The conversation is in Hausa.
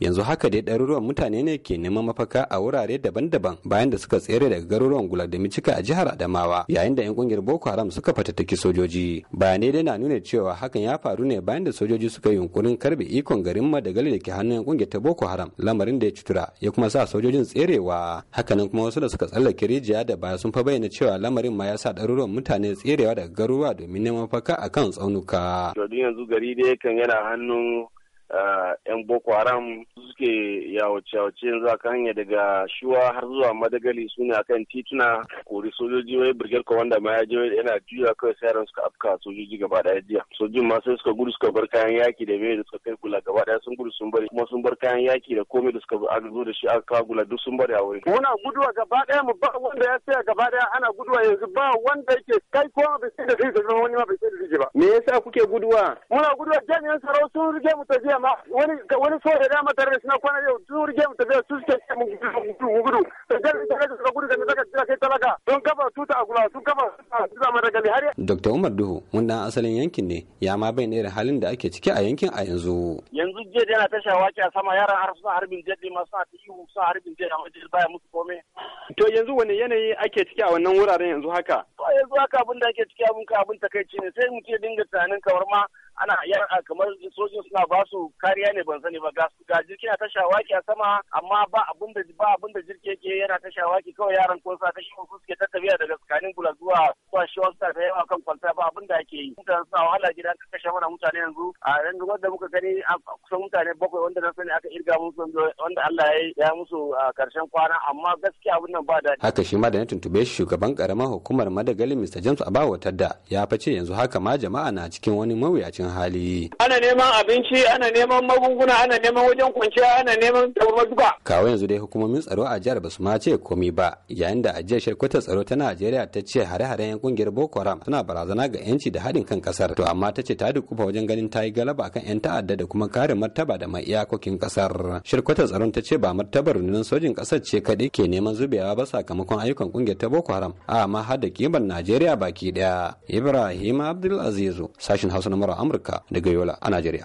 yanzu haka dai ɗaruruwan mutane ne ke neman mafaka a wurare daban-daban bayan da suka tsere daga garuruwan micika a jihar adamawa yayin da 'yan kungiyar boko haram suka fatattaki sojoji bayanai dai na nuna cewa hakan ya faru ne bayan da sojoji suka yi yunkurin karbe ikon garin madagali da ke hannun 'yan kungiyar ta boko haram lamarin da ya cutura ya kuma sa sojojin tserewa hakanan kuma wasu da suka tsallake rijiya da baya sun fa bayyana cewa lamarin ma ya sa ɗaruruwan mutane tserewa daga garuruwa domin neman mafaka akan tsaunuka. yanzu gari dai kan yana hannun 'yan boko haram suke yawace-yawace yanzu a hanya daga shuwa har zuwa madagali su ne akan tituna kori sojoji wai birgir kawanda ma ya je yana juya kawai sai yaran suka afka sojoji gaba daya jiya sojin ma sai suka gudu suka bar kayan yaki da mai da suka kai gula gaba daya sun gudu sun bari kuma sun bar kayan yaki da komai da suka zo da shi aka kawo gula duk sun bari a wuri. muna guduwa gaba daya mu ba wanda ya tsaya gaba daya ana guduwa yanzu ba wanda yake kai ko ba sai da ba wani ma bai sai da ba. me yasa kuke guduwa. muna guduwa jami'an tsaro sun rige mu jiya ba wani wani da dama tare suna kwana yau su suke gudu mu gudu da talaka don kafa sun kafa su Umar Duhu mun dan asalin yankin ne ya ma bai ne halin da ake ciki a yankin a yanzu yanzu jiya yana ta shawaki a sama yaran har suna harbin jaddi ma a ta ihu suna harbin jaddi amma jaddi baya musu kome to yanzu wani yanayi ake ciki a wannan wuraren yanzu haka to yanzu haka abin da ake ciki abin ka abin takaici ne sai mu ce dinga tunanin kawar ma ana yara kamar sojin suna ba su kariya ne ban sani ba ga jirgin na ta shawaki a sama amma ba abin da ba abin da jirgi yake yana ta shawaki kawai yaran kun sa ta shi su suke tattabiya daga tsakanin gula ba shi wasu da yawa kan kwanta ba abin da ake yi mutane sa wahala gida ka kashe mana mutane yanzu a yanzu wanda muka gani kusan mutane bakwai wanda na sani aka irga musu wanda Allah ya yi musu karshen kwana amma gaskiya abin nan ba daɗi haka shi ma da na tuntube shi shugaban karamar hukumar madagali Mr James Abawa Tadda ya fice yanzu haka ma jama'a na cikin wani mawuyacin hali ana neman abinci ana neman magunguna ana neman wajen kwanciya ana neman tabarmar duka kawo yanzu dai hukumomin tsaro a jihar basu ma ce komai ba yayin da ajiyar shirkwatar tsaro ta Najeriya ta ce hare-haren kungiyar Boko Haram tana barazana ga yanci da haɗin kan kasar. To amma ta ce ta dukufa wajen ganin ta yi galaba kan 'yan ta'adda da kuma kare martaba da mai iyakokin kasar. Shirkwatar tsaron ta ce ba martabar rundunar sojin kasar ce kaɗai ke neman zubewa ba sakamakon ayyukan kungiyar ta Boko Haram amma har da kimar Najeriya baki ɗaya. Ibrahim Abdulazizu sashin Hausa na Amurka daga Yola a Najeriya.